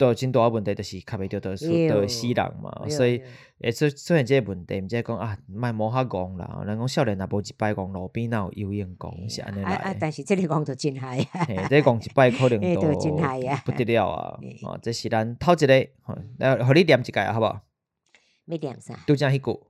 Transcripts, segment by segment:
都真大問題，就是吸唔到到到死人嘛，所以誒出出現即個問題毋才講啊賣摩哈戇啦，人講少年若無一擺戇路邊若有有應公，係、哎、按呢啦。啊但是即個講着真害，即個講一擺可能都不得了啊！哦、哎，即、啊、是咱頭一個，嚟、嗯，互汝點一下啊？好無？好？未點曬，拄才迄句。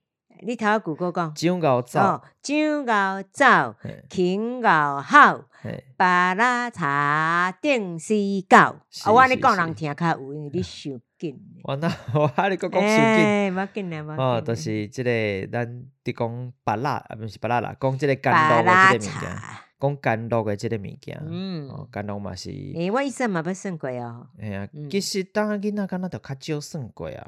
你頭拄仔講。jungle zoo jungle 巴拉茶頂是高。啊，我咧講人聽較有，因為你收緊。我那我你佫講收緊。哎，冇緊嘞，冇緊。哦，就是即、這個咱佇講巴拉，啊毋是巴拉啦，講即個干露嘅即個物件。講干露嘅即個物件。嗯，干露嘛、嗯哦、是。誒、欸，我以前嘛捌算過哦。哎、欸、啊，其實當囡仔干那著較少算過啊。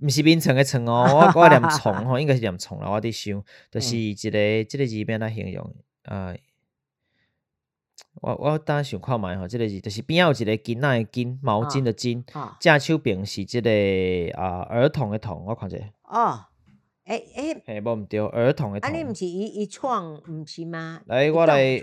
毋是眠床嘅床哦，我我念床吼， 應該是念床啦。我佇想，就是一個，即、嗯，這個字欲安怎形容，啊、呃，我我單想看賣吼，即、這個字就是邊仔有一個仔那巾毛巾的巾，正手邊是即、這個啊、呃，兒童嘅童，我看着。哦，誒誒，係無毋着兒童嘅童。啊，你毋是伊伊創毋是嗎？來，我來。